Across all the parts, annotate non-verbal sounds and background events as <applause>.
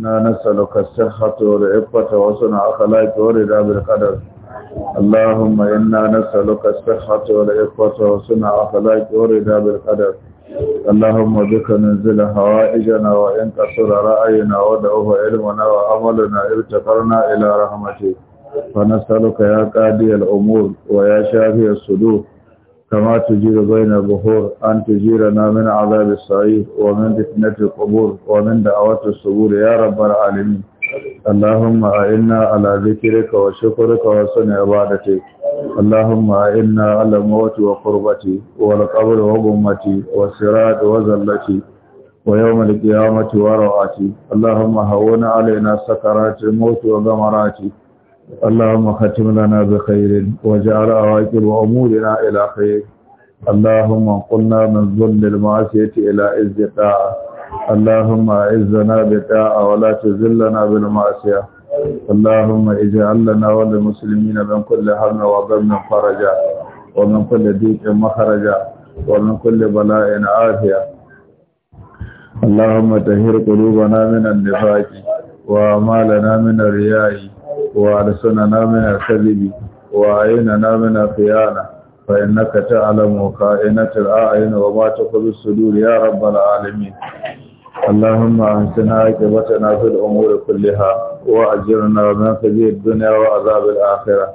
na nasaloka sahatuwar ikwata wasu na aka laifuwar da bil kadar allahumma inna nasaloka sahatuwar ikwata wasu na aka laifuwar da bil kadar allahumma dukkanin zila hawa ijana wa yin kasura ra'ayina wadda uku ilmuna wa amaluna irtakar na ila rahamati fa nasaloka ya kadiyar umur wa ya shafiyar su duk كما تجير بين البحور أن تجيرنا من عذاب الصعيد ومن فتنة القبور ومن دعوات الصبور يا رب العالمين اللهم أعنا على ذكرك وشكرك وحسن عبادتك اللهم أعنا على الموت وقربتي والقبر وغمتي والصراط وزلتي ويوم القيامة وروعتي اللهم هون علينا سكرات الموت وغمراتي اللهم ختم لنا بخير وجعل عواقب أمورنا إلى خير اللهم قلنا من ظل المعصية إلى عز طاعة اللهم أعزنا بطاعة ولا تذلنا بالمعصية اللهم اجعل لنا وللمسلمين من كل هم وغم فرجا ومن كل ضيق مخرجا ومن كل بلاء عافية اللهم طهر قلوبنا من النفاق وأعمالنا من الرياء وارسلنا من الكذب وعيننا من الخيانة فإنك تعلم خائنة الأعين وما تخذ الصدور يا رب العالمين اللهم أحسن عاقبتنا في الأمور كلها وأجرنا من خزي الدنيا وعذاب الآخرة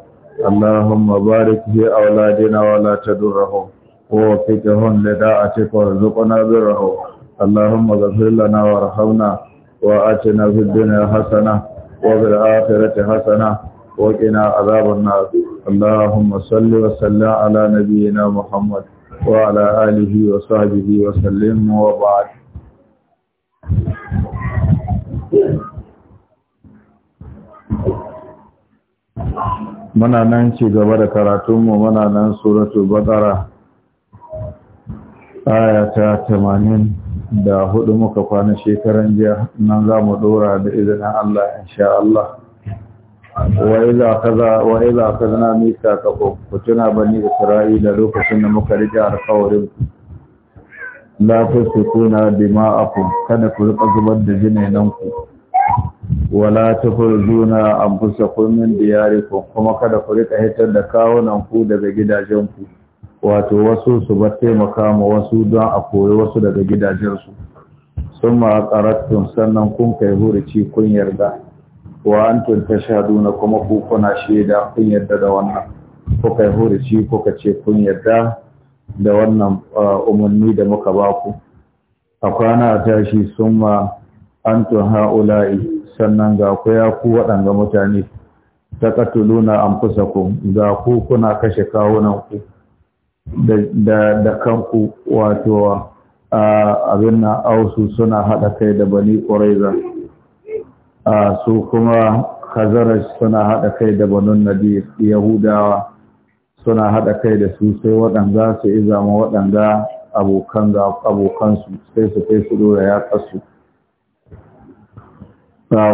اللهم بارك في أولادنا ولا تدرهم ووفقهم لداعتك وارزقنا برهم اللهم اغفر لنا وارحمنا وآتنا في الدنيا حسنة وبالآخرة حسنة وقنا عذاب النار اللهم صل وسلم على نبينا محمد وعلى آله وصحبه وسلم وبعد muna nan ci gaba da karatunmu muna nan suratul baqara aya ta 80 da hudu muka kwana shekaran jiya nan za mu dora da izinin Allah insha Allah wa iza kaza na mika ka ku tuna bani Isra'ila lokacin da muka rike alƙawarin la tusquna dima'akum kada ku rika zubar da nan ku wala tukhrijuna anfusakum min diyarikum kuma kada ku rika hitar da kawunan ku daga gidajen ku wato wasu su ba taimaka ma wasu don a koyi wasu daga gidajensu sun karatun sannan kun kai hurici kun yarda wa an tunta shahadu na kuma ku kuna shaida kun yarda da wannan ko kai hurici ka ce kun yarda da wannan uh, umarni da muka ba ku a kwana a tashi sun ma an tun ha'ula'i sannan ga ku ya ku waɗanga mutane ta katuluna an fusa ku ga ku kuna kashe kawunan ku da kanku wato abin na ausu suna haɗa kai da bani ƙwaraiza su kuma kazarar suna haɗa kai da banun nadi yahudawa suna haɗa kai da su sai waɗanda su izama waɗanda abokansu sai su kai su dora ya ƙasu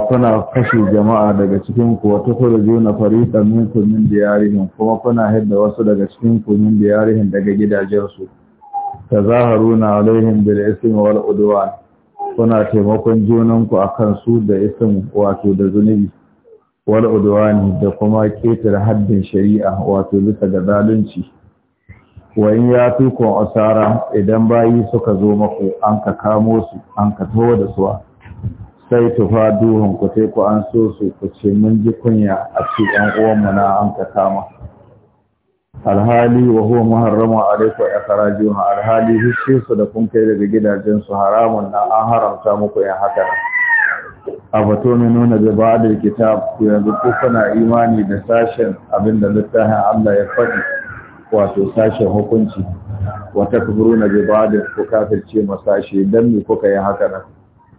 kuna kashe jama'a daga cikin ku wata kula zo na farita min kumin diyarihin kuma kuna hidda wasu daga cikin min diyarihin daga gidajensu ta zaharuna alaihim bil ism wal udwan kuna taimakon junanku akan su da ism wato da zunubi wal ne, da kuma ketar haddin shari'a wato bisa ga zalunci wa in ya tuku asara idan bayi suka zo maku an ka kamo su an ka tawo da suwa sai tufa duhun ku sai ku an so su ku ce mun ji kunya a ce ɗan uwanmu na an ka kama alhali wa huwa muharramu alaiku ya alhali hishe su da kun kai daga gidajen su haramun na an haramta muku ya haka a bato nuna da kitab yanzu ko kana imani da sashen abinda littafin Allah ya faɗi wato sashen hukunci wata kuburu na da ku kafirce masashe don me kuka yi haka nan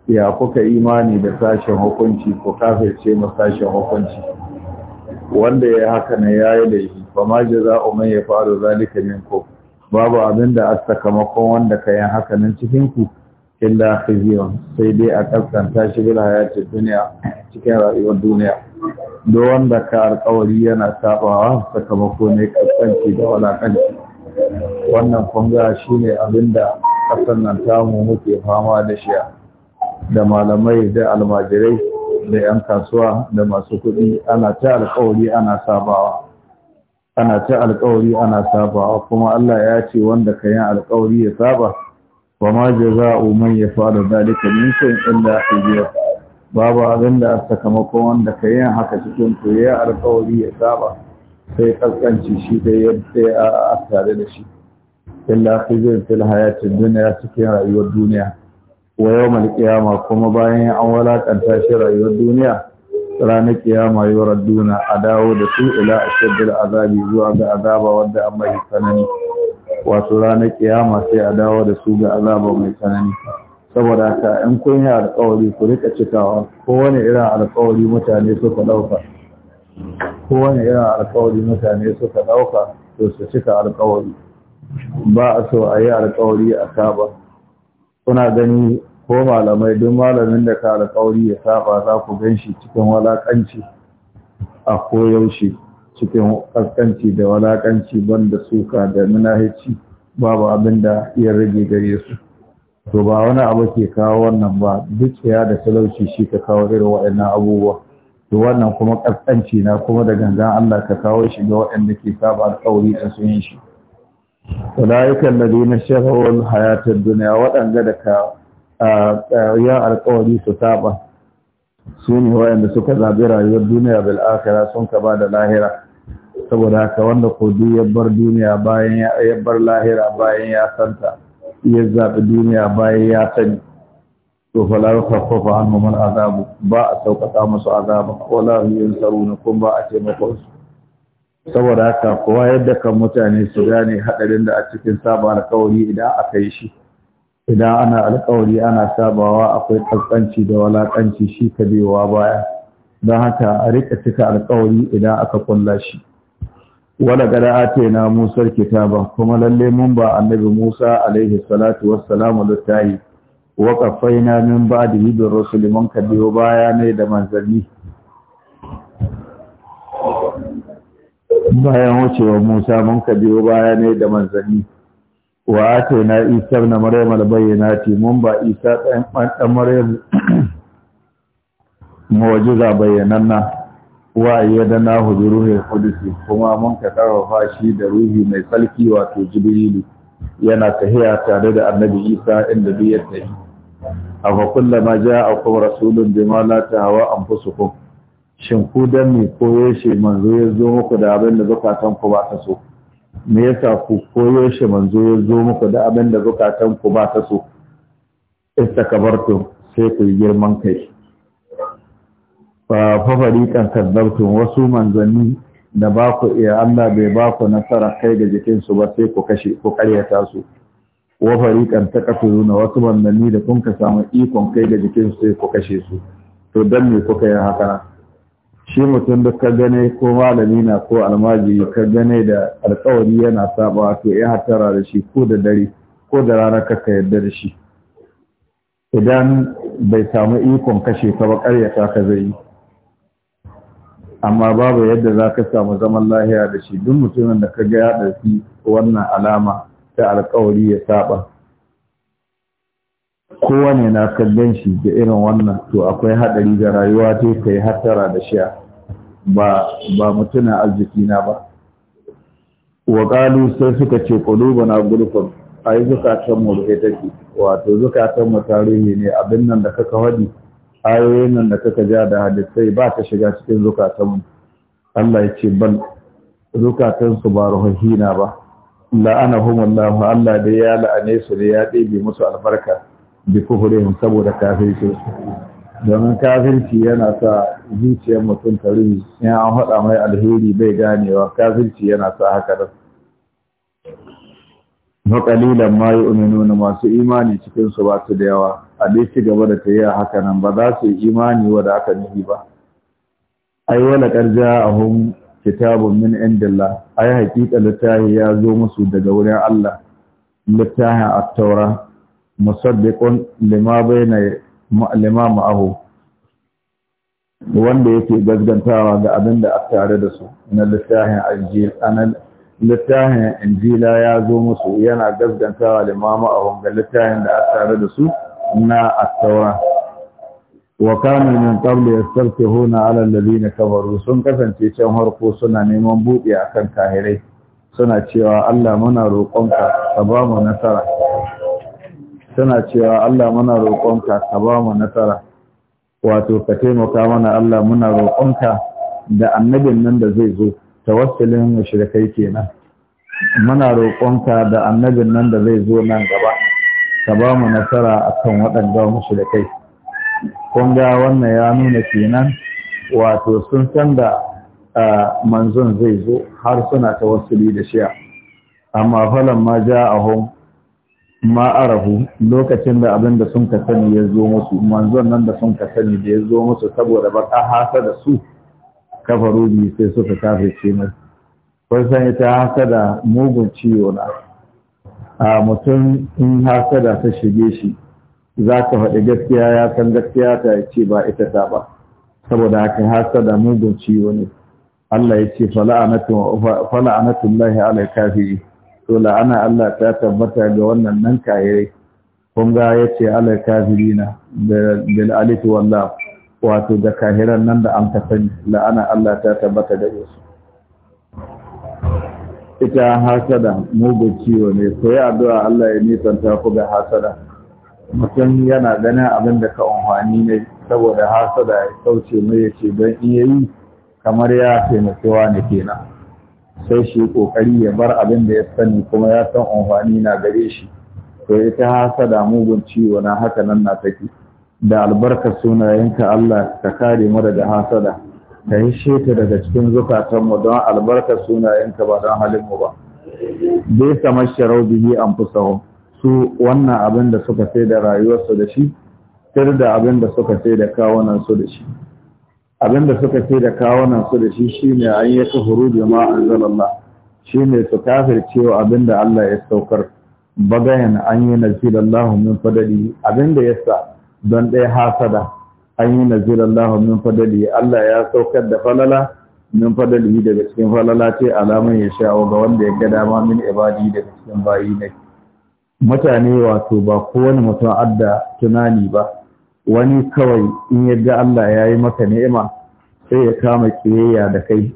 ya kuka imani da sashen hukunci ko kafirce ma sashen hukunci wanda ya haka na yayi laifi ba ma jaza'u ya faru zalika ko. babu abinda a sakamakon wanda ka haka nan cikin ku illa khizyun sai dai a kasan tashi bil hayatid dunya cikin rayuwar duniya do wanda ka alƙawari yana sabawa sakamako ne kasance da walakanci wannan kunga shine abinda kasan nan tamu muke fama da shi da malamai da almajirai da 'yan kasuwa da masu kuɗi ana ta alkawari ana sabawa ana ta alkawari ana sabawa kuma Allah ya ce wanda ka yi alkawari ya saba ba ma jaza'u man yafa'alu inda minkum illa ba babu abin da sakamakon wanda ka yi haka cikin ku ya alkawari ya saba sai kaskanci shi da yadda a tare da shi illa zai fil hayatid duniya cikin rayuwar duniya wa yawmal qiyama kuma bayan an walakanta shi rayuwar duniya ranar kiyama yuraduna a dawo da su ila ashaddil azabi zuwa ga azaba wadda an mai tsanani wato ranar kiyama sai a dawo da su ga azaba mai tsanani saboda ka in kun yi alkawari ku rika cikawa kowane irin alkawari mutane suka ɗauka irin alkawari mutane suka ɗauka, to su cika alkawari ba a so a yi alkawari a saba kuna gani ko malamai duk malamin da ka alƙawari ya saba za ku gan shi cikin walaƙanci a koyaushe cikin ƙasƙanci da walaƙanci banda suka da munahici babu abin da iya rage gare su to ba wani abu ke kawo wannan ba duk tsaya da talauci shi ka kawo irin waɗannan abubuwa to wannan kuma ƙasƙanci na kuma da gangan Allah ka kawo shi ga waɗanda ke saba alƙawari da sun yin shi ulaikan ladina shahawul ad dunya waɗanda da ka ya alqawli su saba su ne waɗanda suka zabi rayuwar duniya bil akhirah sun ka ba da lahira saboda haka wanda ko duniya bar duniya bayan ya bar lahira bayan ya santa ya zabi duniya bayan ya sani to fala yukhaffafu anhum al ba a sauƙaƙa musu azaba wala yunsaruna kun ba a taimako su saboda haka kowa yadda kan mutane su gane haɗarin da a cikin saba alkawari idan aka yi shi idan ana alkawari ana sabawa akwai tsantsanci da walakanci shi ka biyowa baya don haka a rika cika alkawari idan aka kulla shi wala gada ake na musar kitaba, kuma lalle mun ba annabi musa alaihi salatu wassalamu littahi wa kafaina min ba'dihi bi rusul mun biyo baya ne da manzanni bayan wucewa Musa mun ka biyo baya ne da manzani. wa na Isa na Maryam albayyinati mun ba Isa dan dan Maryam mu'jiza na wa ayyadana na huduru ne qudus kuma mun ka karfafa shi da ruhi mai tsalki, wato Jibrilu yana tahiya tare da Annabi Isa inda duk ya tafi afa kullama ja'akum rasulun bima la tahawa anfusukum shin ku dan me koyo shi manzo ya zo muku da abin da zukatan ku ba ta so me yasa ku koyo shi manzo ya zo muku da abin da zukatan ku ba ta so istakabartum sai ku yi girman kai fa fariqan kadzabtum wasu manzanni da ba ku iya Allah bai ba ku nasara kai da jikinsu ba sai ku kashe ku karyata su wa fariqan taqtuluna wasu manzanni da kun ka samu ikon kai da jikinsu sai ku kashe su to dan me kuka yi haka shi mutum da ka gane ko malami na ko almajiri ka gane da alkawari yana saba to ya hatara da shi ko da dare ko da rana ka ka yarda da shi idan bai samu ikon kashe ka ba karyata ka zai yi amma babu yadda za ka samu zaman lahiya da shi duk mutumin da ka ga ya ɗauki wannan alama ta alkawari ya saba kowane na kallon shi da irin wannan to akwai haɗari ga rayuwa ta ka yi hattara da a. ba ba mutuna arziki na ba wa qalu sai suka ce na gulfun ai zukatan mu da take wato zukatan tarihi ne abin nan da kaka wadi ayoyin nan da kaka ja da hadisai ba ta shiga cikin zukatan Allah ya ce ban zukatan su ba ruhina ba la'anahumullahu Allah da ya la'ane su da ya ɗebe musu albarka bi kufurihim saboda kafirci domin kafirci yana sa zuciyar mutum ta ruhi in an haɗa mai alheri bai ganewa kafirci yana sa haka da ƙalilan ma yi uminuna masu imani cikinsu ba su da yawa a dai ci gaba da ta yi a haka nan ba za su yi imani wadda aka nufi ba ai wala ja a hun kitabun min indillah ai haƙiƙa littafi ya zo musu daga wurin Allah littafin at-taura musaddiqun lima bayna ma'alimamu wanda yake gazgantawa ga abin da aka tare da su na littafin injila ya zo musu yana gazgantawa limamu aho ga littafin da aka tare da su na attawa wa kana min qabli yastarfihuna ala alladhina kafaru sun kasance can harko suna neman buɗe akan kahirai suna cewa Allah muna roƙonka ka ba mu nasara tana cewa Allah muna roƙonka ka ba mu nasara wato ka taimaka mana Allah muna roƙonka da annabin nan da zai zo tawassulin mushrikai kenan muna roƙonka da annabin nan da zai zo nan gaba ka ba mu nasara akan waɗanda mushrikai kun ga wannan ya nuna kenan wato sun san da manzon zai zo har suna tawassuli da shi amma falan ma ja'ahum ma lokacin da abin da sun ka sani ya zo musu manzon nan da sun ka sani da ya zo musu saboda baka hasa da su kafaru bi sai suka ce mai kun san ita hasada mugun ciwo na a mutum in hasada ta shige shi za ka faɗi gaskiya ya san gaskiya ta ce ba ita ta ba saboda haka hasada mugun ciwo ne Allah ya ce fala'anatullahi ala to la'ana Allah ta tabbata ga wannan nan kayayyaki kun ga ya ce ala kafirina bil alif wallah wato da kahiran nan da an sani la'ana Allah ta tabbata da su ita hasada mugun ciwo ne ko ya addu'a Allah ya ta ku da hasada mutum yana ganin abin da ka amfani ne saboda hasada ya kauce mai yace don in yayi kamar ya taimakewa ne kenan sai shi kokari ya bar abin da ya sani kuma ya san amfani na gare shi to ita hasada mugun ciwo na haka nan na take da albarka sunayenka Allah ka kare mu daga hasada ka yi sheta daga cikin zukatanmu don albarka sunayenka ba don mu ba bai sama sharau bihi an fusahu su wannan abin da suka sai da rayuwarsu da shi tir da abin da suka sai da kawunan su da shi Abin da suka ce da kawunan su da shi shine an yi kafuru da ma Shi shine su abin abinda Allah ya saukar bagayen an yi Allah min fadali abinda yasa don ɗaya hasada an yi Allah min fadali Allah ya saukar da falala min fadali daga cikin falala ce alamun ya sha'o ga wanda ya ga dama min ibadi daga cikin bayi ne mutane wato ba kowane mutum adda tunani ba wani kawai in yadda Allah ya yi maka ni'ima sai ya kama kiyayya da kai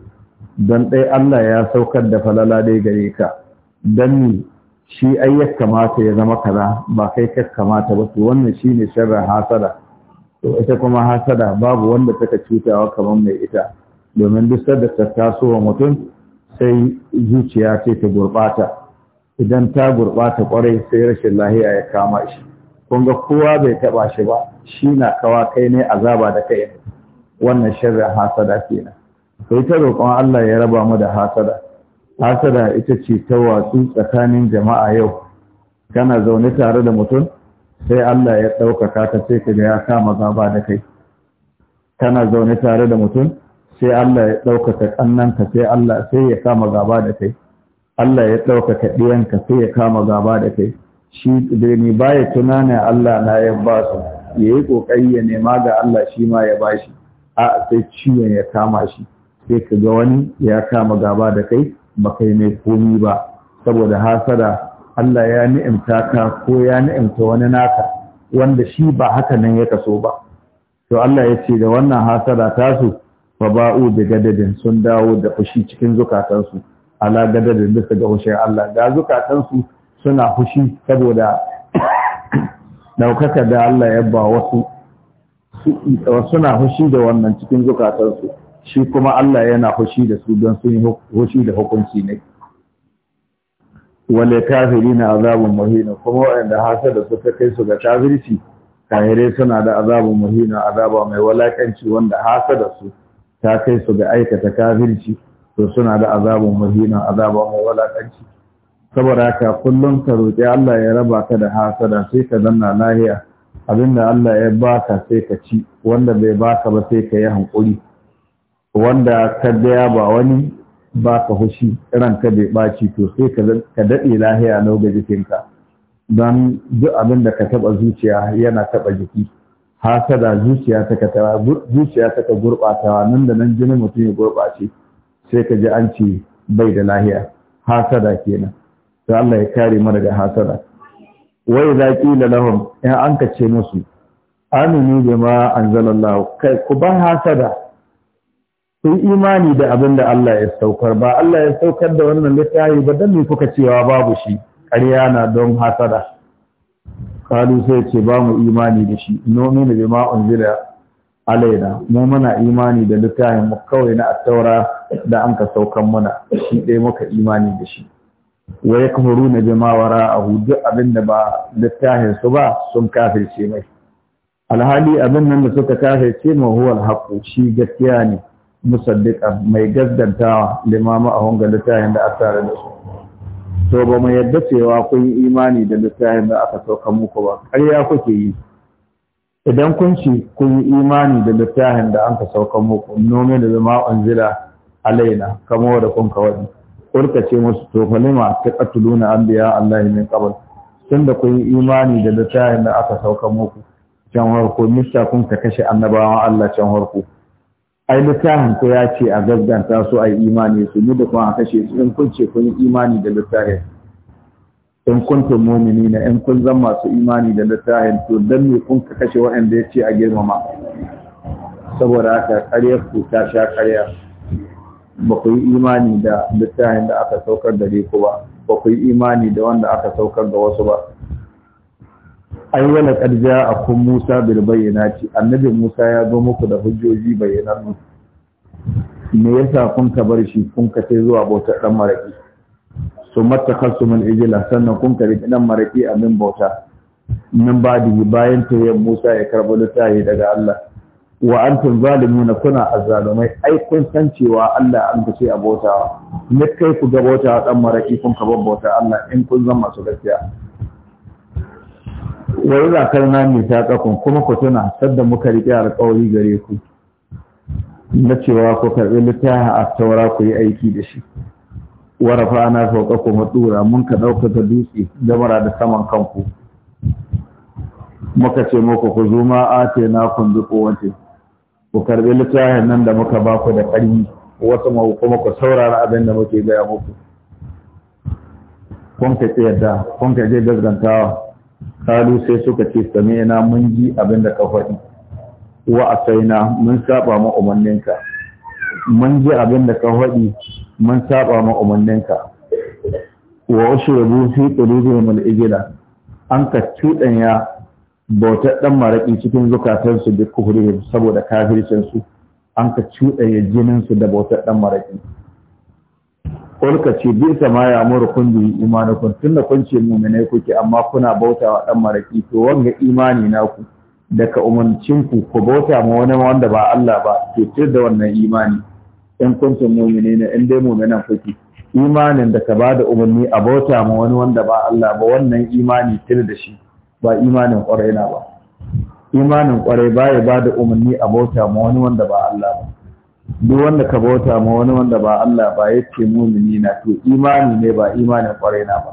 don ɗai Allah ya saukar da falala dai gare ka don shi ai ya kamata ya zama kaza ba kai ka kamata ba to wannan shi ne sharrin hasada to ita kuma hasada babu wanda taka cutawa kamar mai ita domin duk da ta taso wa mutum sai zuciya ce ta gurɓata idan ta gurɓata kwarai sai rashin lahiya ya kama shi kun ga kowa bai taba shi ba shi na kawa kai ne azaba da kai wannan sharrin hasada kenan sai ta roƙon Allah ya raba mu da hasada hasada ita ce ta watsu tsakanin jama'a yau kana zaune tare da mutum sai Allah ya ɗaukaka ka sai ka ya kama gaba da kai kana zaune tare da mutum sai Allah ya ɗaukaka ƙannanka sai Allah sai ya kama gaba da kai Allah ya ɗaukaka ɗiyanka sai ya kama gaba da kai shi ni baya tunana Allah na ya ba su ya yi ƙoƙari ya nema ga Allah shi ma ya ba shi a sai ciwon ya kama shi sai ka ga wani ya kama gaba da kai ba kai mai komi ba saboda hasara, Allah ya ni'imta ka ko ya ni'imta wani naka wanda shi ba haka nan ya kaso ba to Allah ya ce da wannan hasada tasu fa ba'u bi gadadin sun dawo da fushi cikin zukatansu ala gadadin bisa ga hushin Allah ga zukatansu suna fushi saboda daukaka da Allah ya ba wasu suna fushi da wannan cikin zukatarsu shi kuma Allah yana fushi da su don sun yi fushi da hukunci ne wale kafiri na azabun muhina kuma waɗanda hasada suka kai su ga kafirci kahirai suna da azabun muhina azaba mai walakanci wanda hasada su ta kai su ga aikata kafirci to suna da azabun muhina azaba mai walakanci saboda haka kullum ka roƙi Allah ya raba ka da hasada sai ka zanna lahiya abinda Allah ya baka sai ka ci wanda bai baka ba sai ka yi hankuri wanda ka daya ba wani baka hushi ka bai baci to sai ka daɗe lahiya na ga jikinka don duk abin ka taɓa zuciya yana taɓa jiki hasada zuciya ta ka zuciya ta ka gurɓatawa nan da nan jinin mutum ya gurɓace sai ka ji an ce bai da lahiya hasada kenan da Allah ya kare mu daga hasada za ki da lahum in an kace musu aminu ma anzalallahu kai ku ba hasada Sun imani da abinda Allah ya saukar ba Allah ya saukar da wannan littafi ba dan me kuka cewa babu shi ƙarya na don hasada kalu sai ce ba mu imani da shi nominu ma unzila alaina mu muna imani da littafin mu kawai na attaura da an ka saukan muna shi dai muka imani da shi wa na bima a hudu abin da ba littafin su ba sun kafirce mai alhali abin nan da suka kafirce ma huwa alhaqu shi gaskiya ne musaddiqa mai gaggantawa limama a hunga littafin da aka tare da su to ba mu yadda cewa kun yi imani da littafin da aka sauka muku ba ƙarya kuke yi idan kun ci kun yi imani da littafin da an ka sauka muku nomi da zama unzila alaina kamar da kun ka wani furkace ce musu to fa lima taqatuluna anbiya Allah kabar tun tunda kun imani da littafin da aka sauka muku can harko mista kun ka kashe annabawan Allah can harko ai littafin ko ya ce a gagganta su a imani su ni da kuma a kashe su in kun ce kun imani da littafin in mu'mini na in kun zan masu imani da littafin to dan me kun ka kashe waɗanda ya ce a girmama saboda haka ƙaryar ku ta sha ƙarya ba ku yi imani da littafin da aka saukar da ku ba ba ku yi imani da wanda aka saukar ga wasu ba ai wala qad akum Musa bil bayyinati annabi Musa ya zo muku da hujjoji bayyanannu me yasa kun ka bar shi kun ka sai zuwa bautar dan maraki so mattakhassu min ijla sannan kun ka riki dan maraki a min bauta nan ba da bayan tayyib Musa ya karbo littafi daga Allah wa antum zalimuna kuna azzalumai ai kun san cewa Allah an kace a bauta ne kai ku ga bauta dan maraki kun ka bauta Allah in kun zama su gaskiya Wani da karna ne ta kafin kuma ku tuna sadda muka rike alƙawari gare ku na cewa ku karbi littafin a taura ku yi aiki da shi wa rafa'ana fawqa ku madura mun ka dauka ta dutse mara da saman kanku muka ce muku ku zo ma ate na kun kowace ku karbi littafin nan da muka ba ku da ƙarfi wasu mu kuma ku saurara abin da muke gaya muku kun ka tsayarda kun ka je gazgantawa kalu sai suka ce sami'na mun ji abin da ka faɗi wa asaina mun saba ma umarninka mun ji abin da ka faɗi mun saba ma umarninka wa ushrabu fi qulubihim al-ijla an ka cudanya bautar ɗan maraƙi cikin zukatansu da kuhurihim saboda kafircinsu an ka cuɗaya jininsu da bautar ɗan maraƙi Kulka ce bisa ma ya mura kun bi kun, tun da kun ce muminai kuke amma kuna bauta wa ɗan maraƙi to wanga imani naku daga umarcin ku ku bauta ma wani wanda ba Allah ba ke cir da wannan imani in kun ce muminai na in dai muminan kuke imanin da ka bada umarni a bauta ma wani wanda ba Allah ba wannan imani tun da shi ba imanin kwarai na ba imanin kwarai baya ba da umarni a bauta ma wani wanda ba Allah ba duk wanda ka bauta ma wani wanda ba Allah ba ya ce mumini na to imani ne ba imanin kwarai na ba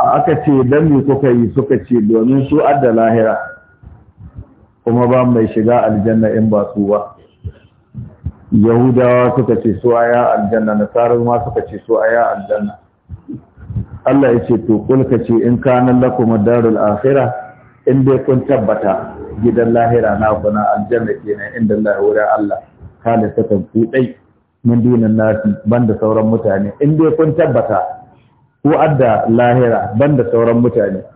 a aka ce dan me kuka yi suka ce domin su adda lahira kuma ba mai shiga aljanna in ba su ba yahudawa suka ce su aya aljanna nasara ma suka ce su aya aljanna Allah ya ce to kulka ce in kanan lakum darul akhirah in dai kun tabbata gidan lahira na kuna aljanna kenan inda Allah wurin Allah kana ta kan kudai mun dinan nasi banda sauran mutane in dai kun tabbata ku adda lahira banda sauran mutane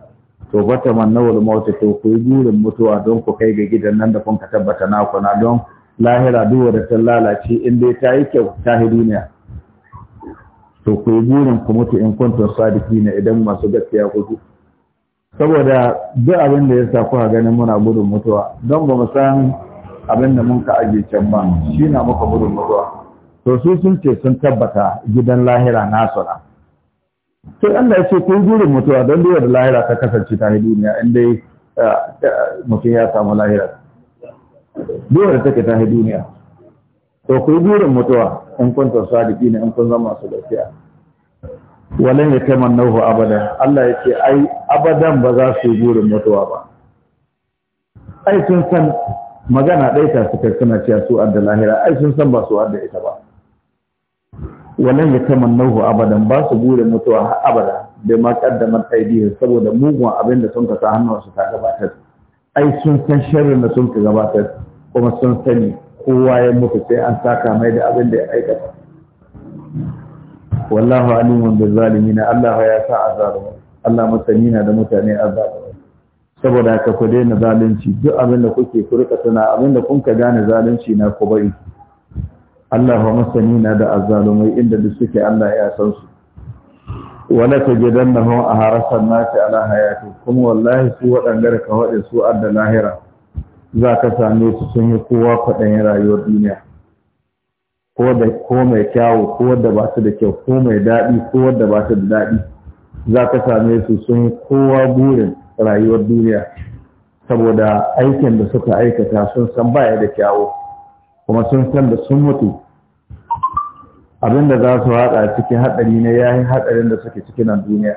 to wata mannawul mautu to ku yi burin mutuwa don ku kai ga gidan nan da kun tabbata na kuna don lahira duwa da ta lalace in dai ta yi kyau ta duniya to ku yi burin ku mutu in sadiki ne idan masu gaskiya kuku saboda duk abin da ya sa kuka ganin muna gudun mutuwa don ba mu san abin da mun ka aje can ba shi na muka gudun mutuwa to su sun ce sun tabbata gidan lahira nasu na sai Allah ya ce kun gudun mutuwa don duk da lahira ta kasance ta duniya in dai eh, eh, mutum ya samu lahira duk da take ta duniya to ku yi burin mutuwa in da sadiqina in kun zama masu gaskiya walan ya tamannahu abadan Allah ya ce ai abadan ba za su yi burin mutuwa ba ai sun san magana ɗaya ta suka suna cewa su adda lahira ai sun san ba su adda ita ba walan ya tamannahu abadan ba su burin mutuwa har abada da ma kaddamar aidiyar saboda mugun abin da sun ka sa hannunsu ta gabatar ai sun san sharrin da sun ka gabatar kuma sun sani kowa ya mutu sai an saka mai da abin da ya aikata wallahu alimun bil zalimin Allah ya sa azabu Allah masani na da mutane azabu saboda ka ku daina zalunci duk abin da kuke ku rika tana abin da kun ka gane zalunci na ku bari Allah wa masani na da azzalumai inda duk suke Allah ya san su wala tajidannahum aharasan nasi ala hayati kuma wallahi su wadangar ka wade su adda lahira za ka same su sun yi kowa kwaɗayin rayuwar duniya ko mai kyawu ko wadda ba su da kyau ko mai daɗi ko wadda ba su da daɗi za ka same su sun yi kowa burin rayuwar duniya saboda aikin da suka aikata sun san baya da kyawu kuma sun san da sun mutu abinda za su haɗa cikin haɗari na, ya yi haɗarin da suke cikin nan duniya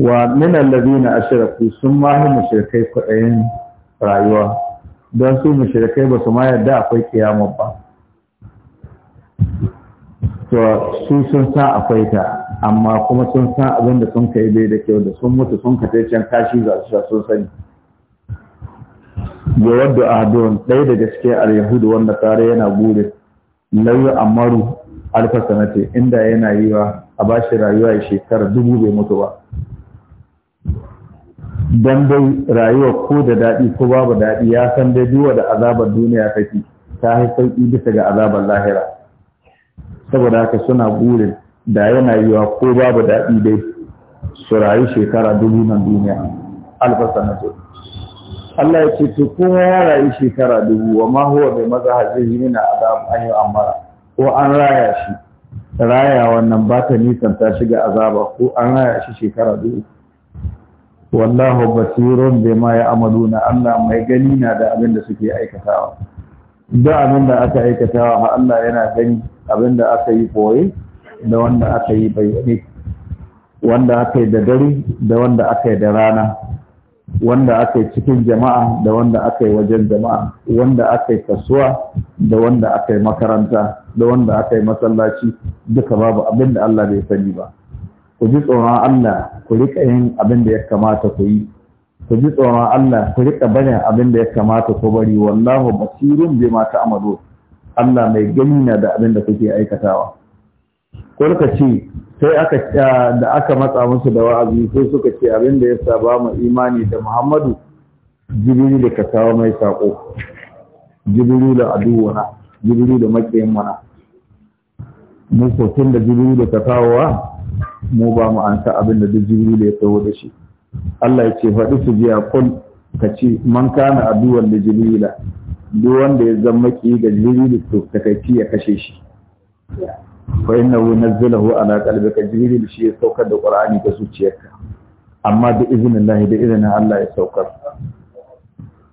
wa min a ashraku sun ma hi mushrikai rayuwa don su mushrikai ba su ma yadda akwai kiyama ba to su sun san akwai ta amma kuma sun san abin da sun kai bai da kyau da sun mutu sun kace can kashi za su sun sani ya wadda ahadon ɗaya da gaske al-yahudu wanda kare yana burin lauyi amaru alfa sanate inda yana yiwa a bashi rayuwa shekarar dubu bai mutu ba don dai rayuwa ko da daɗi ko babu daɗi ya san dai duwa da azabar duniya take ta yi sauƙi bisa ga azabar lahira saboda haka suna burin da yana yiwa ko babu daɗi dai su rayu shekara dubu nan duniya alfasar na to Allah ya ce to kuma ya rayu shekara dubu wa ma huwa bai maza hajji mina azabu an yi amara ko an raya shi raya wannan ba ta nisan ta shiga azaba ko an raya shi shekara dubu wallahu basirun bima ya'maluna Allah mai gani na da abin da suke aikatawa duk abin da aka aikatawa Allah yana gani abin da aka yi boye da wanda aka yi bayyane wanda aka yi da dare da wanda aka yi da rana wanda aka yi cikin jama'a da wanda aka yi wajen jama'a wanda aka yi kasuwa da wanda aka yi makaranta da wanda aka yi masallaci duka babu abin da Allah bai sani ba ku ji tsoron Allah ku riƙa yin abin da ya kamata ku yi ku ji tsoron Allah ku riƙa barin abin da ya kamata ku bari wallahu basirun bima ta'malu Allah mai gani na da abin da kuke aikatawa ko ce sai aka eh, da aka matsa musu da wa'azi sai suka ce abin da ya saba mu imani da Muhammadu jibrilu ka kawo mai sako jibrilu aduwana jibrilu makiyin mana mu ko tun da jibrilu ka kawo wa mu ba mu an sa abin da duk jibril ya taho da shi Allah ya ce faɗi su jiya kun ka ce man kana aduwan da jibrila duk wanda ya zama ki ga jibril to kai ya kashe shi fa innahu nazzalahu ala qalbika jibril shi ya saukar da qur'ani ga zuciyarka amma da izinin Allah da izinin Allah ya saukar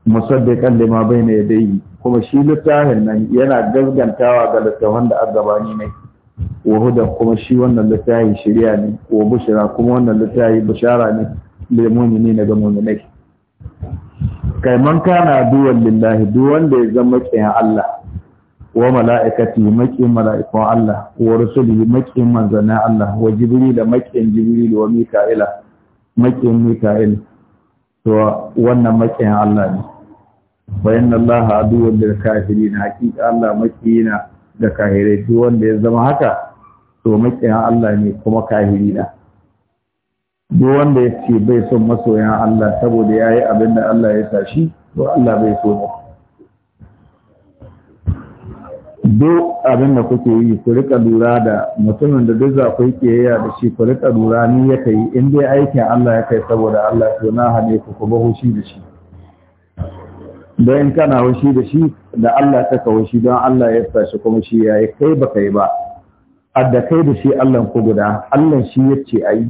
musaddiqan lima bayna yadayhi kuma shi littafin nan yana gaskantawa ga littafin da aka gabani ne wa huda kuma shi wannan littafin shari'a ne wa bushra kuma wannan littafin bushara ne lil mu'minina ga mu'minai kai man kana duwan lillahi duk wanda ya zama kiyan Allah wa mala'ikati maki mala'ikun Allah wa rusuli maki manzana Allah wa jibril maki jibril wa mika'ila maki mika'il to wannan makiyan Allah ne wa inna Allah aduwwul lil kafirin haqiqa Allah yana da kahirai duk wanda ya zama haka to makiyan Allah ne kuma kahiri na duk wanda ya ce bai son masoyan Allah saboda ya yi abin da Allah ya tashi to Allah bai so ne duk abin da kuke yi ku rika lura da mutumin da duk za ku yi kiyayya da shi ku rika lura ni ya kai in dai aikin Allah ya kai saboda Allah to na hane ku ku bahu shi da shi don kana haushi da shi da Allah ta kawo shi don Allah ya tashi kuma shi ya yi kai ba kai ba adda kai da shi Allah ku guda Allah shi yace ayi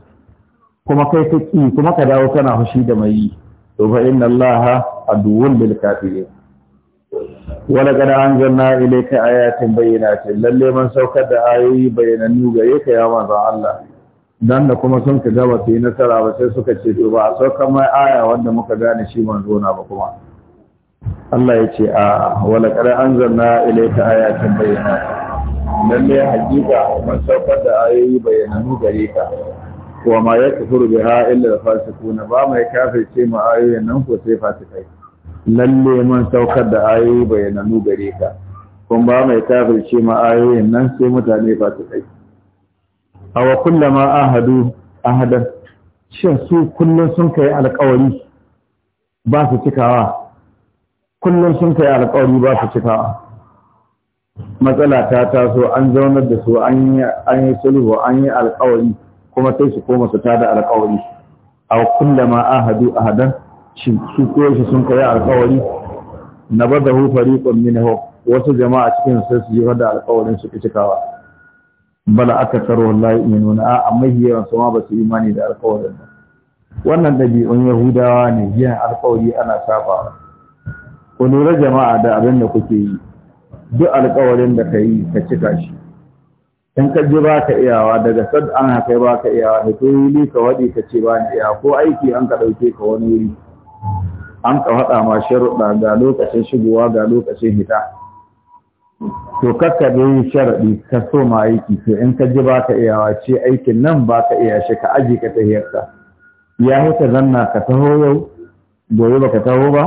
kuma kai ta ki kuma ka dawo kana fushi da mai yi to fa inna Allah aduwwul lil kafirin wa laqad anzalna ilayka ayatin bayyinatin lalle man saukar da ayoyi bayyanannu ga yake ya manzo Allah dan da kuma sun ka gaba sai nasara ba sai suka ce to ba a saukar mai aya wanda muka gane shi manzo na ba kuma Allah yace ce a wa laqad anzalna ilayka ayatin bayyinatin lalle hakika mun saukar da ayoyi bayananu gare ka wa ma yakfuru biha illa al-fasiqun ba mai kafirce mu ayoyin nan ko sai fasikai lalle mun saukar da ayoyi bayananu gare ka kun ba mai kafirce mu ayoyin nan sai mutane fasikai aw kullama ahadu ahadan shin su kullum sun kai alƙawari ba su cikawa kullun sun kai alƙawari ba su cikawa matsala ta taso an zaunar da su an yi sulhu an yi alkawari kuma sai su koma su ta da alkawari a kullama ahadu ahadan shi su koyaushe sun kai alkawari na da hu fariqun minhu wasu jama'a cikin sai su yi da alkawarin su cikawa bala aka tsaro wallahi nuna a amma hiyaran su ma ba su imani da alkawarin ba wannan dabi'un yahudawa ne yin alkawari ana sabawa ku lura jama'a da abin da kuke yi duk alƙawarin da ka yi ka cika shi in ka ji ba ka iyawa daga sad an haka ba ka iyawa da to yi ka waɗi ka ce ba ni iyawa ko aiki an ka ɗauke ka wani wuri an ka faɗa ma sharuɗa ga lokacin shigowa ga lokacin hita to kakka da yi sharaɗi ka so ma aiki to in ka ji ba ka iyawa ce aikin nan ba ka iya shi ka aji ka hiyarta. ya haka zanna ka taho yau gobe ba ka taho ba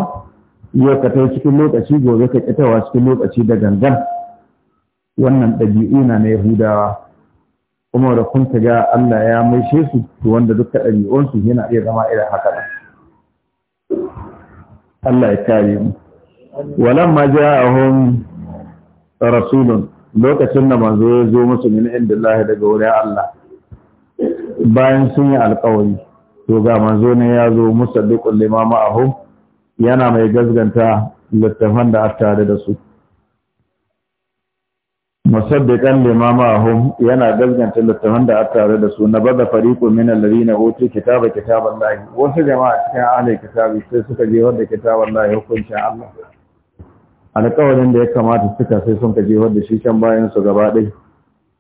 yau ka tai cikin lokaci gobe ka ƙitawa cikin lokaci da gangan wannan ɗabi'u na na yahudawa kuma da kun ga Allah ya maishe su to wanda duka ɗabi'unsu yana iya zama irin haka ba Allah ya kare mu Walan ma walamma ja'ahum rasulun lokacin da manzo ya zo musu min indillah daga wuri Allah bayan sun yi alƙawari to ga manzo ne ya zo dukkan lima ma'ahum yana mai gazganta littafan da tare da su musaddiqan lima ma'ahum yana gazganta littafan da tare da su nabada fariqu min alladhina utu kitaba kitaballahi wasu jama'a cikin ahlul kitabi sai suka je wanda kitaballahi hukuncin Allah alƙawarin da ya kamata suka sai sun kaje wanda shi can bayan su gaba ɗai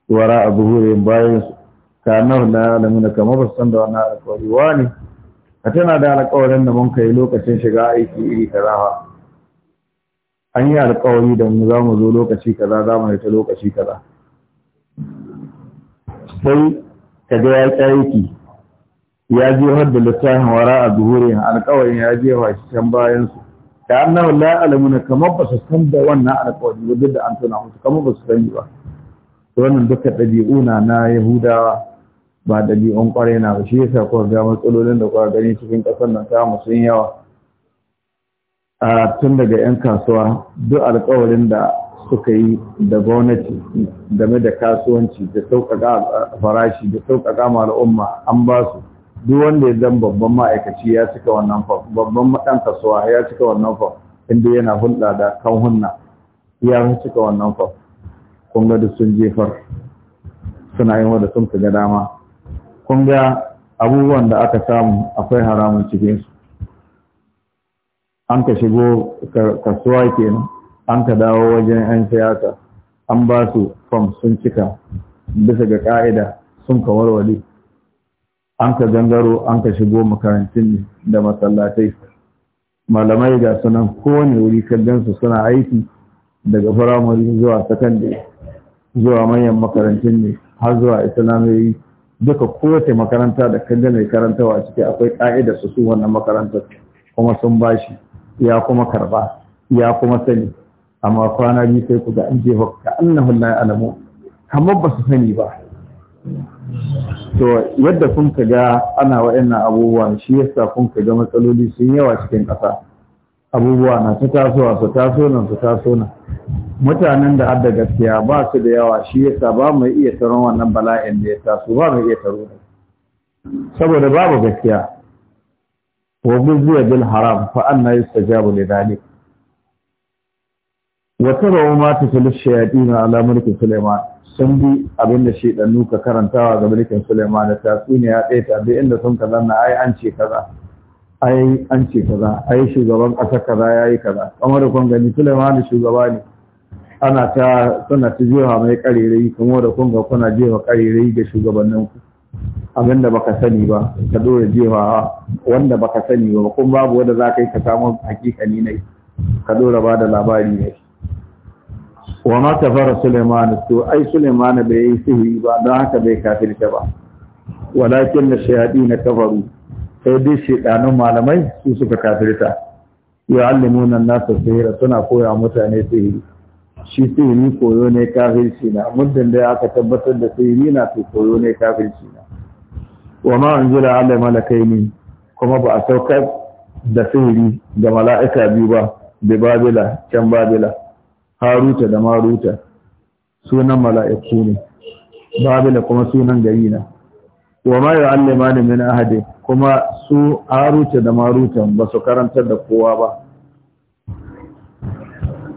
wara a buhurin bayan su ka nahu na alamuna kamar ba san da wannan alƙawari wani ka tana da alƙawarin da mun kai lokacin shiga aiki iri kaza an yi alƙawari da mu za mu zo lokaci kaza za mu ta lokaci kaza sai ka ga ya aiki ya je har da littafin wara a duhurin alƙawarin ya je wa shi can bayan su da annahu la alamuna kamar ba su san da wannan alƙawari ba duk da an tuna musu kamar ba su sani ba wannan duka ɗabi'una na yahudawa ba ɗabi'un kwarai na ba shi yasa kuka ga matsalolin da kwa gani cikin kasar nan ta sun yawa a tun daga 'yan kasuwa duk alƙawarin da suka yi da gwamnati game da kasuwanci da sauƙaƙa farashi da sauƙaƙa al'umma an ba su duk wanda ya zan babban ma'aikaci ya cika wannan fam babban ɗan kasuwa ya cika wannan fam inda yana hulɗa da kan hunna ya cika wannan fam kun ga duk sun jefar suna yin wanda sun ga dama kun ga abubuwan da aka samu akwai haramun cikinsu an ka shigo kasuwa kenan an ka dawo wajen 'yan siyasa an ba su fam sun cika bisa ga ka'ida sun kawarware an ka gangaro an ka shigo makarantun da masallatai malamai ga sunan kowane wuri kallonsu suna aiki daga firamare zuwa sakandare zuwa manyan makarantun ne har zuwa islamiyya duka kowace makaranta da kan mai karantawa a ciki akwai ka'idar su su wannan makarantar kuma sun bashi ya kuma karba ya kuma sani amma kwana biyu sai ku ga an jefa ka annahu ya alamu kamar ba su sani ba to yadda kun ka ga ana wa'annan abubuwan shi yasa kun ka ga matsaloli sun yawa cikin ƙasa abubuwa na ta tasowa su taso nan su taso nan mutanen da adda gaskiya ba su da yawa shi ya sa ba mu iya taron wannan bala'in da ya taso ba mu iya taro da saboda babu gaskiya wa guzuwa bil haram fa anna yustajabu li dhalik wa tarawu ma tatlu shayatin ala mulki sulaiman sun bi abinda ɗannu ka karantawa ga mulkin sulaiman da tatsuniya ɗaya ta bi inda sun kazanna ai an ce kaza ai an ce kaza ai shugaban ƙasa kaza ya yi kaza kamar da kun gani shugaba ne ana ta suna ta mai karerai kamar da kun ga kuna jewa karerai ga shugabannin ku abin da baka sani ba ka dora jewa wanda baka sani ba kun babu wanda za ka yi ka samu hakikani ne ka dora ba da labari ne wa ma fara Suleiman to ai Suleiman bai yi sihiri ba don haka bai kafirta ba walakin da shayadi na kafaru sai dai shekanun malamai su suka kafirta yu'allimuna an-nasa sihira suna koya mutane sihiri shi sihiri koyo ne kafirci na muddin da aka tabbatar da sihiri na su koyo ne kafirci na wa ma anzila malakai ne kuma ba a saukar da sihiri ga mala'ika biyu ba da babila can babila haruta da maruta sunan mala'iku ne babila kuma sunan gari na wa ma yu'allimani min ahadi kuma su aruta da marutan ba su karantar da kowa ba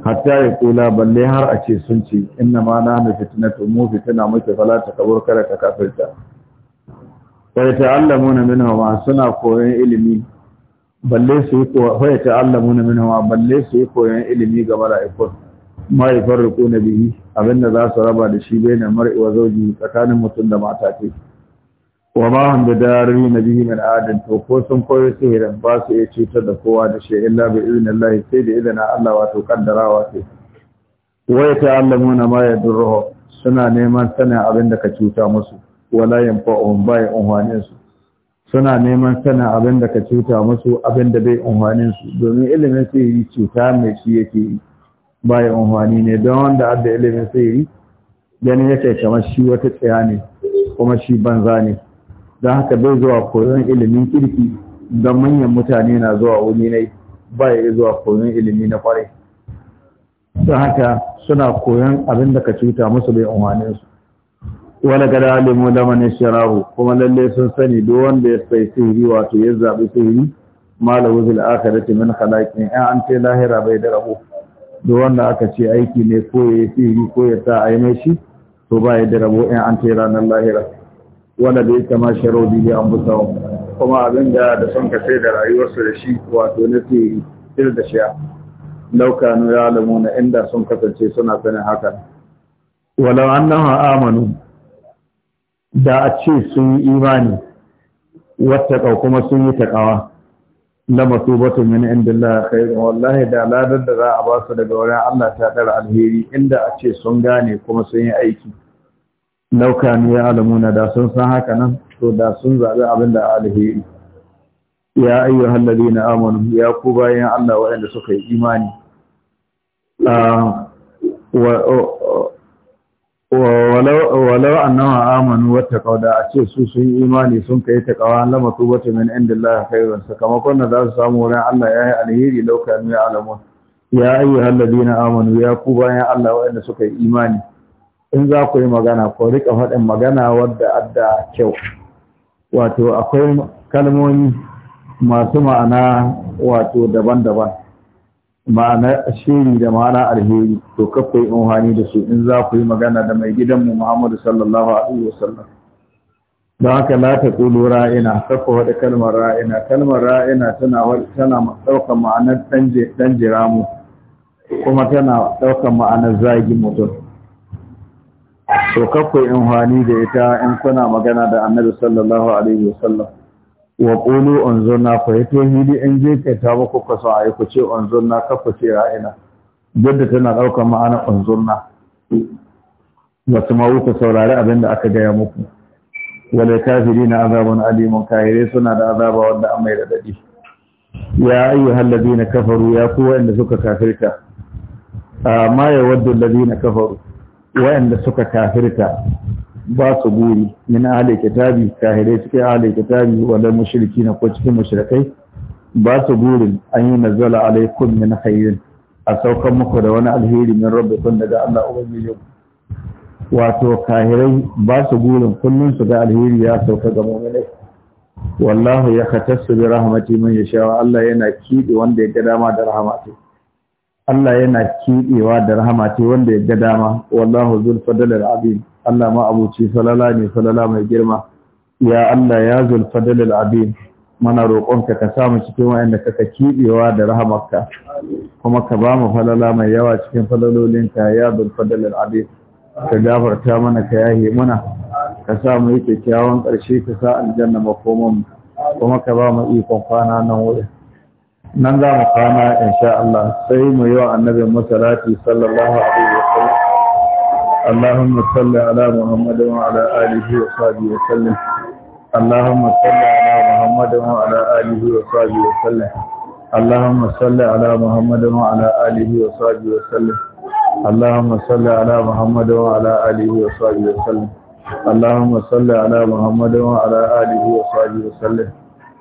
hatta ya kula balle har a ce sun ce inna ma na na fitnatu mu fitna muke fala ta kabur kare ta kafirta ta allamuna minhu ma suna koyon ilimi balle su yi sai ta allamuna minhu ma balle su yi koyon ilimi ga mala'ikun ma yafarriquna bihi abinda za su raba da shi bainar mar'i wa zauji tsakanin mutum da mata ce wa ma hum darri nabiyyi min adam to ko sun koyo sihirin ba su iya cutar da kowa da shi illa bi idnillahi sai da idana Allah wato kaddarawa sai wa yata'allamuna ma yadurruhum suna neman sanin abin da ka cuta musu wala yanfa'uhum ba ya unhwanin su suna neman sanin abin da ka cuta musu abin da bai unhwanin su domin ilimin sihiri cuta mai shi yake yi ba ya ne don wanda adda ilimin sihiri ganin yake kamar shi wata tsaya ne kuma shi banza ne don haka bai zuwa koyon ilimin kirki don manyan mutane na zuwa wuni ne ba ya zuwa koyon ilimi na kwarai don haka suna koyon abin da ka cuta musu bai umarnin su wala gada alimu da mani sharahu kuma lalle sun sani duk wanda ya sai sihiri wato ya zaɓi sihiri malawu zil akhirati min khalaqin ya an ce lahira bai da rabo duk wanda aka ce aiki ne ko ya sihiri ko ya sa a yi mai shi to ba ya da rabo ya an ce ranar lahira wanda da ya kama sharobi da an busawa kuma abin da da son ka sai da rayuwarsu da shi wato na fi ir da shiya laukanu ya na inda sun kasance suna sanin haka walau annaha amanu da a ce sun yi imani wata kuma sun yi takawa lama tubatu min indillah khairun wallahi da ladar da za a ba su daga wurin Allah ta dar alheri inda a ce sun gane kuma sun yi aiki lauka ne ya alamuna da sun san haka nan to da sun zaɓi abin da alheri ya ayyu hallari na Amanu. ya ku bayan Allah waɗanda suka yi imani walau annawa Amanu wata kauda a ce su sun yi imani sun kai ta kawa lamatu wata min inda Allah kaiwa sakamakon da za su samu wurin Allah ya yi alheri lauka ne ya alamuna ya ayyu hallari na Amanu. ya ku bayan Allah waɗanda suka yi imani in za ku yi magana ko rika faɗin magana wadda adda kyau wato akwai kalmomi masu ma'ana wato daban-daban ma'ana shiri da ma'ana alheri to kakwai yi wani da su in za ku yi magana da mai gidanmu muhammadu sallallahu alaihi wasallam don haka la ta tsulu ra'ina kafa wada kalmar ra'ina kalmar ra'ina tana ɗaukar ma'anar ɗan jiramu kuma tana ɗaukar ma'anar zagi mutum to kakwai in hani da ita in kuna magana da annabi sallallahu alaihi wasallam wa qulu anzurna fa yato hili in je ka ta muku so ayi ku ce anzurna kafa ce ra'ina yadda tana daukar ma'ana anzurna wasu ma ku saurari abin da aka gaya muku wale kafiri azabun alimun kahire suna da azaba wanda an mai dadi. ya ayyuhal ladina kafaru ya ku wanda suka kafirta ya na ladina kafaru wayanda suka kafirta ba su guri min ahli kitabi kahirai suke ahli kitabi wala mushriki na ko cikin mushrikai ba su guri an yi nazala alaikum min khairin a saukan muku da wani alheri min rabbikum daga Allah ubangiji wato kahirai ba su guri kullun su ga alheri ya sauka ga mu'mini wallahu ya khatassu bi rahmati man yasha Allah yana kidi wanda ya ga dama da rahmatihi Allah yana kiɗewa da rahama ce wanda ya ga dama wallahu zul fadlil azim Allah ma abuci salala ne salala mai girma ya Allah ya zul fadlil azim mana roƙonka ka samu cikin da kaka kiɗewa da rahamarka kuma ka ba mu falala mai yawa cikin falalolinka ya zul fadlil azim ka gafarta mana ka yahe mana ka sa mu yi kyakkyawan ƙarshe ka sa aljanna makomanmu kuma ka ba mu ikon kwana nan wurin nan za mu kwana insha Allah sai mu yi wa annabin masalati sallallahu alaihi wa sallam اللهم صل على محمد وعلى آله وصحبه وسلم اللهم صل على محمد وعلى آله وصحبه وسلم اللهم صل على محمد وعلى آله وصحبه وسلم اللهم صل على محمد وعلى آله وصحبه وسلم اللهم صل على محمد وعلى آله وصحبه وسلم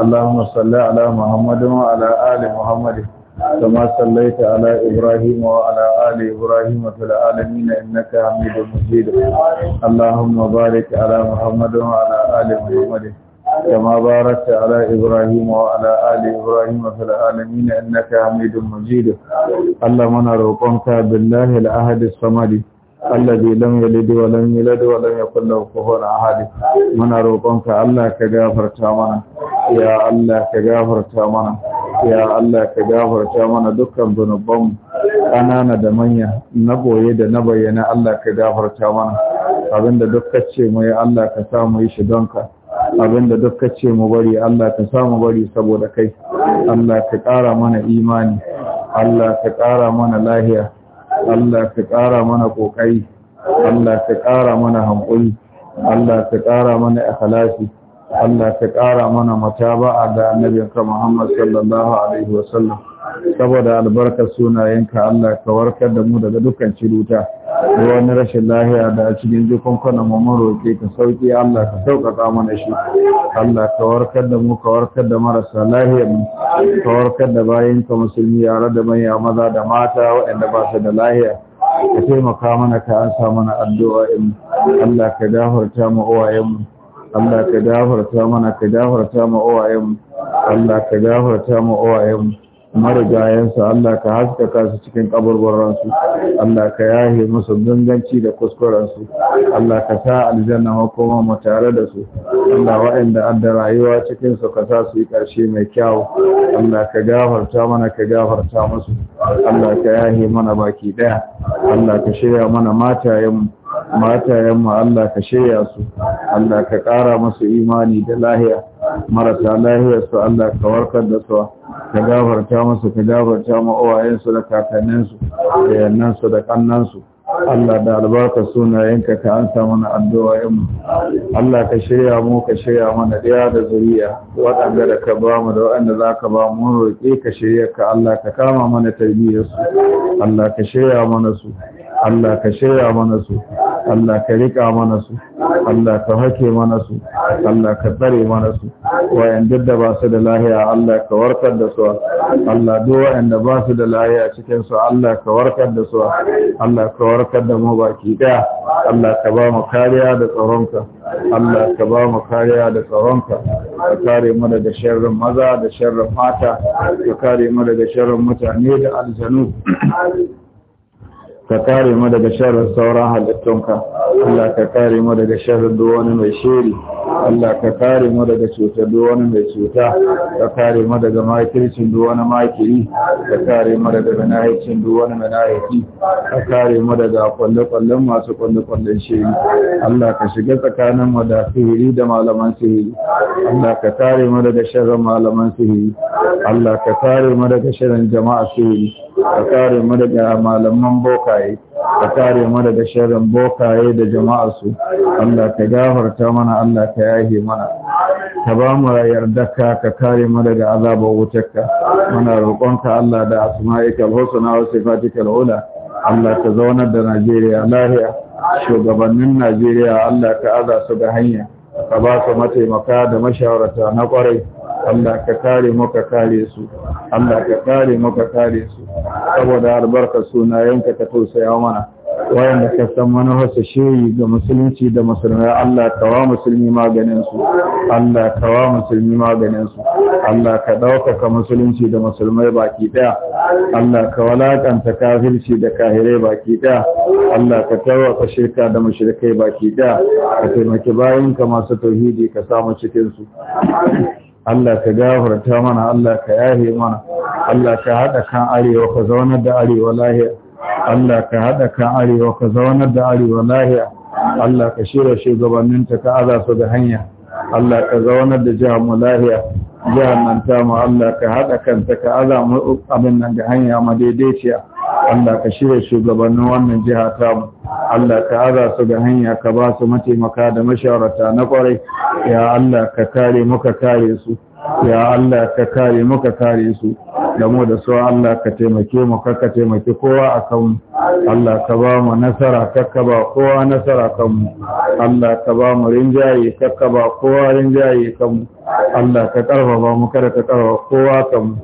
اللهم صل على محمد وعلى آل محمد كما صليت على إبراهيم وعلى آل إبراهيم في العالمين إنك حميد مجيد اللهم بارك على محمد وعلى آل محمد كما باركت على إبراهيم وعلى آل إبراهيم في العالمين إنك حميد مجيد اللهم نروقنك بالله العهد الصمد الذي لم يلد ولم يلد ولم يكن له كفوا أحد من روقنك الله كغفرت منا ya Allah ka gafarta mana ya Allah ka gafarta mana dukkan zunubanmu ƙanana da manya na boye da na bayyana Allah ka gafarta mana abinda dukka ce mu ya Allah ka sa mu yi shi don ka abinda dukka ce mu bari Allah ka sa mu bari saboda kai Allah ka ƙara mana imani Allah ka ƙara mana lahiya Allah ka ƙara mana kokari Allah ka ƙara mana hankuli Allah ka ƙara mana ikhlasi Allah ta ƙara mana a ga annabinka Muhammad sallallahu alaihi wasallam saboda albarkar sunayenka Allah ka warkar da mu daga dukkan ciruta da wani rashin lahiya da a cikin jikunkunan mu mun roƙe ka sauƙi Allah ka sauƙaƙa mana shi Allah ka warkar da mu ka warkar da marasa lahiya mu ka warkar da bayan ka musulmi yara da manya maza da mata waɗanda ba su da lahiya ka taimaka mana ka ansa mana addu'a Allah ka gafarta mu uwayen Allah ka gafarta mana ka gafarta ma uwayen Allah ka gafarta ma uwayen marigayensu Allah ka haskaka su cikin su Allah ka yahe musu ganganci da kuskurensu Allah ka sa aljanna makoma mu tare da su Allah waɗanda adda rayuwa cikin su ka sa su yi ƙarshe mai kyau Allah ka gafarta mana ka gafarta musu Allah ka yahe mana baki ɗaya Allah ka shirya mana matayen mu matayen mu Allah ka shirya su Allah ka ƙara masu imani da lahiya marasa lahiyarsu su Allah ka warkar da su ka gafarta masu ka gafarta ma uwayen su da kakannin su da yannan su da kannan su Allah da albarka sunayenka ka ansa mana mu Allah ka shirya mu ka shirya mana ɗaya da zuriya waɗanda da ka ba mu da waɗanda za ka ba mu roƙe ka shirya ka Allah ka kama mana tarbiyyarsu Allah ka shirya mana su Allah ka shirya mana su Allah ka riƙa mana su Allah ka hake mana su Allah ka tsare mana su wayan da ba su da lahiya Allah ka warkar da su Allah duk wayanda ba su da lahiya cikin su Allah ka warkar da su Allah ka warkar da mu baki ɗaya, Allah ka ba mu kariya da tsaronka Allah ka ba mu kariya da tsaronka ka kare mu daga sharrin maza da sharrin mata ka kare mu daga sharrin mutane da aljanu ka kare mu daga sharar sauran halittunka Allah ka kare mu daga sharar duk wani mai shiri Allah ka kare mu daga cutar duk wani mai cuta ka kare mu daga makircin duk wani makiri ka kare mu daga manahicin duk wani manahiki ka kare mu daga kwalle-kwallen masu kwalle-kwallen shiri Allah ka shiga tsakanin mu da sihiri da malaman sihiri Allah ka kare mu daga sharar malaman sihiri Allah ka kare mu daga sharar jama'a sihiri ka kare mu daga malaman boka bokaye ka kare mu daga sharrin bokaye da jama'ar su Allah ka gafarta mana Allah ka yahe mana ka ba mu yardaka ka kare mu daga azabar wutarka muna roƙonka Allah da asma'ikal husna wa sifatikal ula Allah ka zaunar da Najeriya lahiya shugabannin Najeriya Allah ka aza su ga hanya ka ba su mataimaka da mashawarta na kwarai Allah ka kare mu ka kare su Allah ka kare mu ka kare su saboda albarka sunayenka ka tausaya mana wayanda ka san wasu shiri ga musulunci da musulmai Allah ka wa musulmi maganinsu Allah ka wa musulmi maganinsu Allah ka ɗaukaka musulunci da musulmai baki ɗaya Allah ka walakanta kafirci da kahirai baki ɗaya Allah ka ka shirka da mushrikai baki ɗaya ka taimaki ka masu tauhidi ka samu su Allah ka gafarta mana Allah ka yahe mana Allah ka haɗa kan arewa ka zaunar da arewa lahiya Allah ka haɗa kan arewa ka zaunar da arewa lahiya Allah ka shirya shugabannin ta ka aza su da hanya Allah ka zaunar da jihar mu lahiya jihar nan ta mu Allah ka haɗa ta ka aza mu abin nan da hanya ma madaidaiciya Allah ka shirya shugabannin wannan jiha ta mu Allah ka aza su ga hanya ka ba su mataimaka da masharata na kwarai ya Allah ka kare muka kare su ya Allah ka kare mu ka kare su da mu da su Allah ka taimake mu ka ka taimake kowa a kan Allah ka ba mu nasara ka ka ba kowa nasara kan mu Allah ka ba mu rinjaye ka ka ba kowa rinjaye kan mu Allah ka ba mu kada ka karfa kowa kan mu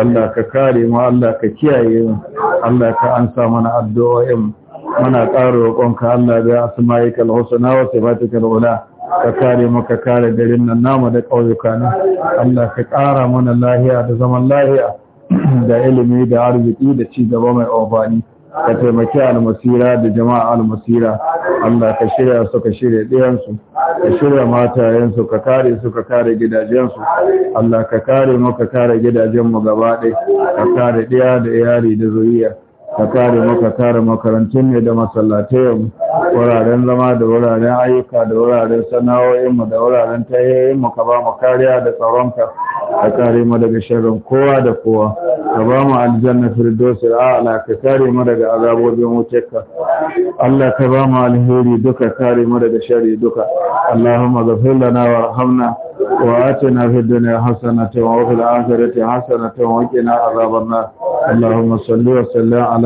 Allah ka kare mu Allah ka kiyaye mu Allah ka ansa mana addu'o'in muna ƙara roƙonka Allah bi asma'ikal husna wa sifatikal ula ka kare maka kare garin nan namu da ƙauyuka ne Allah ka ƙara mana lahiya da zaman lahiya <clears throat> da ilimi da arziki da ci gaba mai obani ka taimaki almasira da jama'a almasira Allah ka shirya su ka shirya ɗiyansu ka shirya matayensu ka kare su ka kare gidajensu Allah ka kare mu ka kare mu gaba ɗaya ka kare ɗiya da iyali da zuriya ka kare maka kare makarantun ne da masallatayen wuraren zama da wuraren ayyuka da wuraren sana'o'inmu da wuraren yi ka ba mu kariya da tsaronka ka kare mu daga sharrin kowa da kowa ka ba mu aljanna firdausi ala ka kare mu daga azabobin wutarka Allah ka ba mu alheri duka kare mu daga sharri duka Allahumma ghafir lana warhamna وآتنا في الدنيا حسنة وفي الآخرة حسنة وقنا عذاب Allahumma اللهم صل وسلم على